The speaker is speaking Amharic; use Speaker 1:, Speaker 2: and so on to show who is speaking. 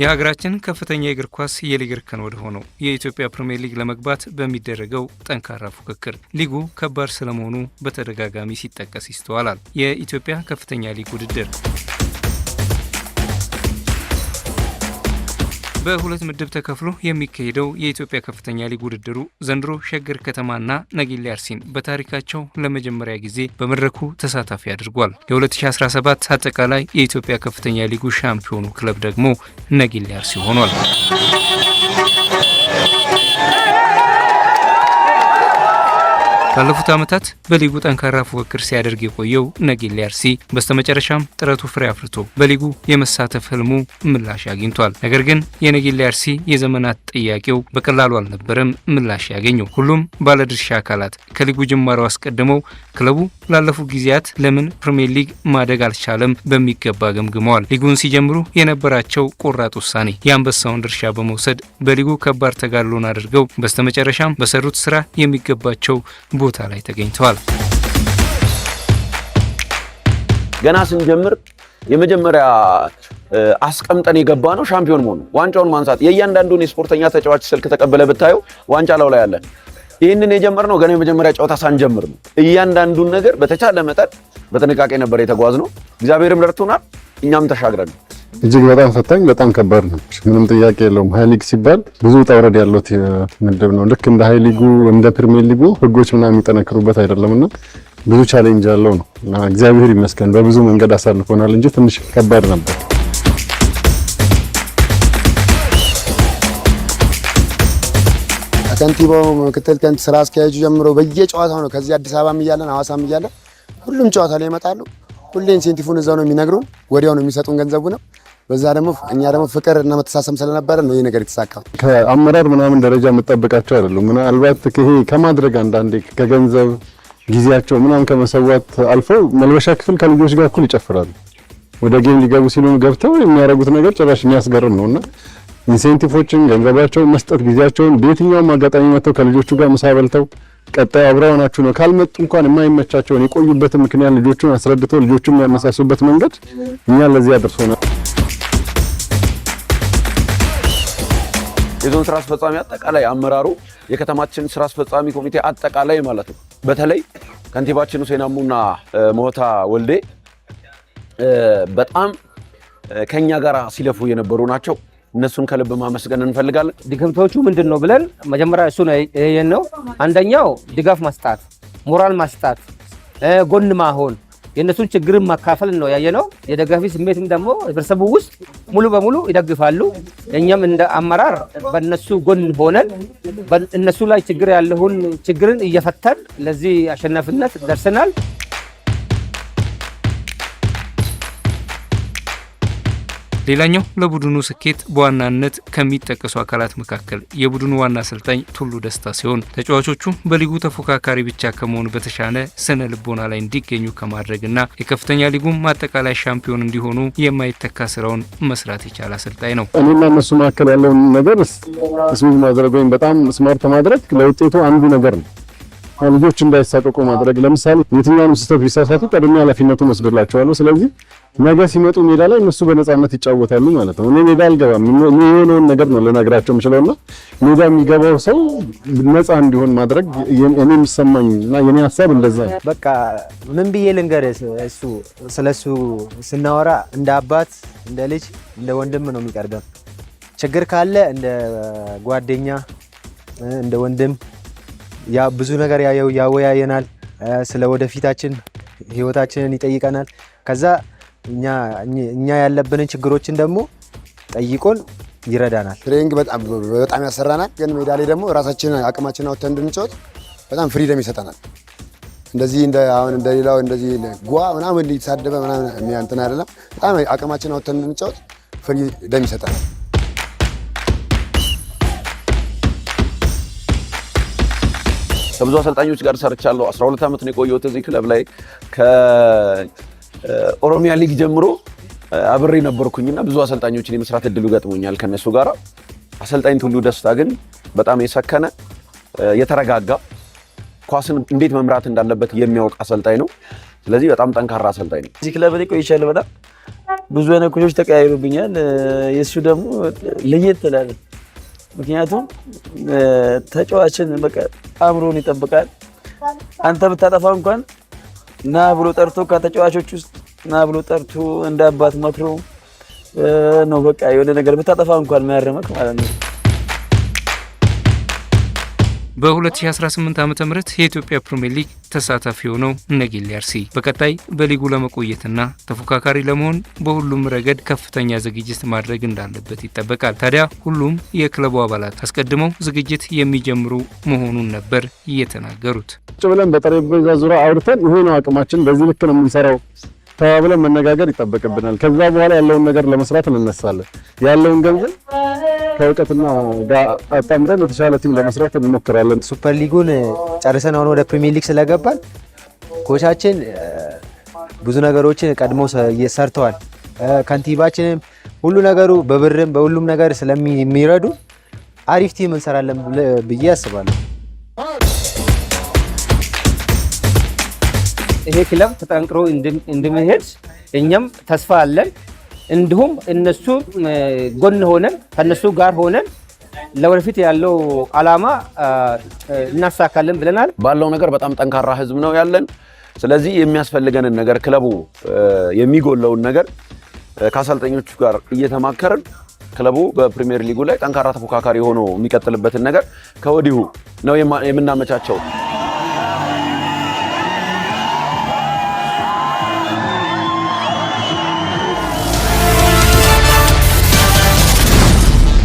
Speaker 1: የሀገራችን ከፍተኛ የእግር ኳስ የሊግ እርከን ወደ ሆነው የኢትዮጵያ ፕሪምየር ሊግ ለመግባት በሚደረገው ጠንካራ ፉክክር ሊጉ ከባድ ስለመሆኑ በተደጋጋሚ ሲጠቀስ ይስተዋላል። የኢትዮጵያ ከፍተኛ ሊግ ውድድር በሁለት ምድብ ተከፍሎ የሚካሄደው የኢትዮጵያ ከፍተኛ ሊግ ውድድሩ ዘንድሮ ሸገር ከተማና ነጌሌ አርሲን በታሪካቸው ለመጀመሪያ ጊዜ በመድረኩ ተሳታፊ አድርጓል። የ2017 አጠቃላይ የኢትዮጵያ ከፍተኛ ሊጉ ሻምፒዮኑ ክለብ ደግሞ ነጌሌ አርሲ ሆኗል። ባለፉት ዓመታት በሊጉ ጠንካራ ፉክክር ሲያደርግ የቆየው ነጌሌ አርሲ በስተመጨረሻም ጥረቱ ፍሬ አፍርቶ በሊጉ የመሳተፍ ህልሙ ምላሽ አግኝቷል። ነገር ግን የነጌሌ አርሲ የዘመናት ጥያቄው በቀላሉ አልነበረም ምላሽ ያገኘው። ሁሉም ባለድርሻ አካላት ከሊጉ ጅማሬው አስቀድመው ክለቡ ላለፉት ጊዜያት ለምን ፕሪምየር ሊግ ማደግ አልቻለም በሚገባ ገምግመዋል። ሊጉን ሲጀምሩ የነበራቸው ቆራጥ ውሳኔ የአንበሳውን ድርሻ በመውሰድ በሊጉ ከባድ ተጋድሎን አድርገው በስተመጨረሻም በሰሩት ስራ የሚገባቸው ቦታ ላይ ተገኝተዋል።
Speaker 2: ገና ስንጀምር የመጀመሪያ አስቀምጠን የገባ ነው ሻምፒዮን መሆኑ ዋንጫውን ማንሳት የእያንዳንዱን የስፖርተኛ ተጫዋች ስልክ ተቀበለ ብታየው ዋንጫ ላው ላይ አለ። ይህንን የጀመርነው ገና የመጀመሪያ ጨዋታ ሳንጀምር ነው። እያንዳንዱን ነገር በተቻለ መጠን በጥንቃቄ ነበር የተጓዝ ነው። እግዚአብሔርም ረድቶናል፣ እኛም ተሻግረን
Speaker 3: እጅግ በጣም ፈታኝ በጣም ከባድ ነው። ምንም ጥያቄ የለውም። ሀይ ሊግ ሲባል ብዙ ውጣ ውረድ ያለው ምድብ ነው። ልክ እንደ ሀይ ሊጉ እንደ ፕሪሚየር ሊጉ ህጎች ምናምን የሚጠነክሩበት አይደለም እና ብዙ ቻሌንጅ ያለው ነው እና እግዚአብሔር ይመስገን በብዙ መንገድ አሳልፎናል እንጂ ትንሽ ከባድ ነበር።
Speaker 4: ከንቲባው ምክትል ከንቲ ስራ አስኪያጁ ጀምሮ በየጨዋታው ነው ከዚህ አዲስ አበባ እያለን ሐዋሳም እያለን ሁሉም ጨዋታ ላይ ይመጣሉ። ሁሌ ኢንሴንቲፉን እዛው ነው የሚነግሩን፣ ወዲያው ነው የሚሰጡን ገንዘቡ ነው። በዛ ደግሞ እኛ ደግሞ ፍቅር እና መተሳሰብ ስለነበረ ነው ይሄ ነገር የተሳካ።
Speaker 3: ከአመራር ምናምን ደረጃ የምጠብቃቸው አይደሉም። ምናልባት ይሄ ከማድረግ አንዳንዴ ከገንዘብ ጊዜያቸው ምናምን ከመሰዋት አልፈው መልበሻ ክፍል ከልጆች ጋር እኩል ይጨፍራሉ። ወደ ጌም ሊገቡ ሲሉ ገብተው የሚያደርጉት ነገር ጭራሽ የሚያስገርም ነውና ኢንሴንቲፎችን፣ ገንዘባቸውን መስጠት፣ ጊዜያቸውን በየትኛውም አጋጣሚ መጥተው ከልጆቹ ጋር ምሳ በልተው ቀጣይ አብረው ነው። ካልመጡ እንኳን የማይመቻቸውን የቆዩበትን ምክንያት ልጆቹን አስረድተው ልጆቹን የሚያመሳሱበት መንገድ እኛ ለዚህ አድርሶናል።
Speaker 2: የዞን ስራ አስፈጻሚ አጠቃላይ አመራሩ የከተማችን ስራ አስፈጻሚ ኮሚቴ አጠቃላይ ማለት ነው። በተለይ ከንቲባችን ሁሴን አሙና ሞታ ወልዴ በጣም ከኛ ጋር ሲለፉ የነበሩ ናቸው። እነሱን ከልብ ማመስገን እንፈልጋለን።
Speaker 5: ድክምቶቹ ምንድን ነው ብለን መጀመሪያ እሱ ይህን ነው። አንደኛው ድጋፍ ማስጣት፣ ሞራል ማስጣት፣ ጎን ማሆን፣ የእነሱን ችግርን ማካፈል ነው ያየ ነው። የደጋፊ ስሜትም ደግሞ ህብረተሰቡ ውስጥ ሙሉ በሙሉ ይደግፋሉ። እኛም እንደ አመራር በእነሱ ጎን ሆነን እነሱ ላይ ችግር ያለውን ችግርን እየፈተን ለዚህ አሸናፊነት ደርሰናል።
Speaker 1: ሌላኛው ለቡድኑ ስኬት በዋናነት ከሚጠቀሱ አካላት መካከል የቡድኑ ዋና አሰልጣኝ ቱሉ ደስታ ሲሆን ተጫዋቾቹ በሊጉ ተፎካካሪ ብቻ ከመሆኑ በተሻለ ስነ ልቦና ላይ እንዲገኙ ከማድረግና የከፍተኛ ሊጉ ማጠቃላይ ሻምፒዮን እንዲሆኑ የማይተካ ስራውን መስራት የቻለ አሰልጣኝ ነው።
Speaker 3: እኔና እነሱ መካከል ያለውን ነገር ስሚዝ ማድረግ ወይም በጣም ስማርት ማድረግ ለውጤቱ አንዱ ነገር ነው። ልጆች እንዳይሳቀቁ ማድረግ። ለምሳሌ የትኛውንም ስህተት ቢሳሳቱ ቀድሜ ኃላፊነቱ ወስድላቸዋለሁ። ስለዚህ ነገ ሲመጡ ሜዳ ላይ እነሱ በነፃነት ይጫወታሉ ማለት ነው። እኔ ሜዳ አልገባም የሆነውን ነገር ነው ልነግራቸው የምችለውና ሜዳ የሚገባው ሰው ነፃ እንዲሆን ማድረግ እኔ የሚሰማኝ እና የኔ ሀሳብ እንደዛ ነው።
Speaker 6: በቃ ምን ብዬ ልንገር፣ እሱ ስለሱ ስናወራ እንደ አባት፣ እንደ ልጅ፣ እንደ ወንድም ነው የሚቀርበን። ችግር ካለ እንደ ጓደኛ፣ እንደ ወንድም ያ ብዙ ነገር ያየው ያወያየናል። ስለ ወደፊታችን ህይወታችንን ይጠይቀናል። ከዛ እኛ እኛ ያለብንን ችግሮችን ደግሞ ጠይቆን ይረዳናል።
Speaker 7: ትሬኒንግ በጣም በጣም ያሰራናል፣ ግን ሜዳ ላይ ደግሞ ራሳችን አቅማችን አውጥተን እንድንጫወት በጣም ፍሪደም ይሰጠናል። እንደዚህ እንደ አሁን እንደ ሌላው እንደዚህ ጓ ምናምን ሊሳደበ ምናምን እንትን አይደለም። በጣም አቅማችን አውጥተን እንድንጫወት ፍሪደም ይሰጠናል።
Speaker 2: ከብዙ አሰልጣኞች ጋር ሰርቻለሁ። 12 ዓመት ነው የቆየሁት እዚህ ክለብ ላይ ከኦሮሚያ ሊግ ጀምሮ አብሬ ነበርኩኝና ብዙ አሰልጣኞችን የመስራት እድሉ ገጥሞኛል ከነሱ ጋር። አሰልጣኝ ቱሉ ደስታ ግን በጣም የሰከነ የተረጋጋ ኳስን እንዴት መምራት እንዳለበት የሚያውቅ አሰልጣኝ ነው። ስለዚህ በጣም ጠንካራ አሰልጣኝ ነው።
Speaker 8: እዚህ ክለብ ቆይቻለሁ። በጣም ብዙ አይነት ኮቾች ተቀያይሩብኛል። የእሱ ደግሞ ለየት ትላለን ምክንያቱም ተጫዋችን አእምሮን ይጠብቃል። አንተ ብታጠፋ እንኳን ና ብሎ ጠርቶ ከተጫዋቾች ውስጥ ና ብሎ ጠርቶ እንደ አባት መክሮ ነው በቃ የሆነ ነገር ብታጠፋ እንኳን ማያረመቅ ማለት ነው።
Speaker 1: በ2018 ዓ ም የኢትዮጵያ ፕሪምየር ሊግ ተሳታፊ የሆነው ነጌሌ አርሲ በቀጣይ በሊጉ ለመቆየትና ተፎካካሪ ለመሆን በሁሉም ረገድ ከፍተኛ ዝግጅት ማድረግ እንዳለበት ይጠበቃል። ታዲያ ሁሉም የክለቡ አባላት አስቀድመው ዝግጅት የሚጀምሩ መሆኑን ነበር እየተናገሩት።
Speaker 3: ጭ ብለን በጠረጴዛ ዙሪያ አውርተን የሆነ አቅማችን በዚህ ልክ ነው የምንሰራው ተባብለን መነጋገር ይጠበቅብናል። ከዛ በኋላ ያለውን ነገር ለመስራት እንነሳለን። ያለውን ገንዘብ ከእውቀትና ጋር አጣምረን የተሻለ ቲም ለመስራት እንሞክራለን።
Speaker 9: ሱፐር ሊጉን ጨርሰን አሁን ወደ ፕሪሚየር ሊግ ስለገባን ኮቻችን ብዙ ነገሮችን ቀድሞ ሰርተዋል። ከንቲባችንም ሁሉ ነገሩ በብርም በሁሉም ነገር ስለሚረዱ አሪፍ ቲም እንሰራለን ብዬ አስባለሁ።
Speaker 5: ይሄ ክለብ ተጠንቅሮ እንደሚሄድ እኛም ተስፋ አለን። እንዲሁም እነሱ ጎን ሆነን ከነሱ ጋር ሆነን ለወደፊት ያለው አላማ እናሳካለን ብለናል።
Speaker 2: ባለው ነገር በጣም ጠንካራ ህዝብ ነው ያለን። ስለዚህ የሚያስፈልገንን ነገር ክለቡ የሚጎለውን ነገር ከአሰልጠኞቹ ጋር እየተማከርን ክለቡ በፕሪሚየር ሊጉ ላይ ጠንካራ ተፎካካሪ ሆኖ የሚቀጥልበትን ነገር ከወዲሁ ነው የምናመቻቸው።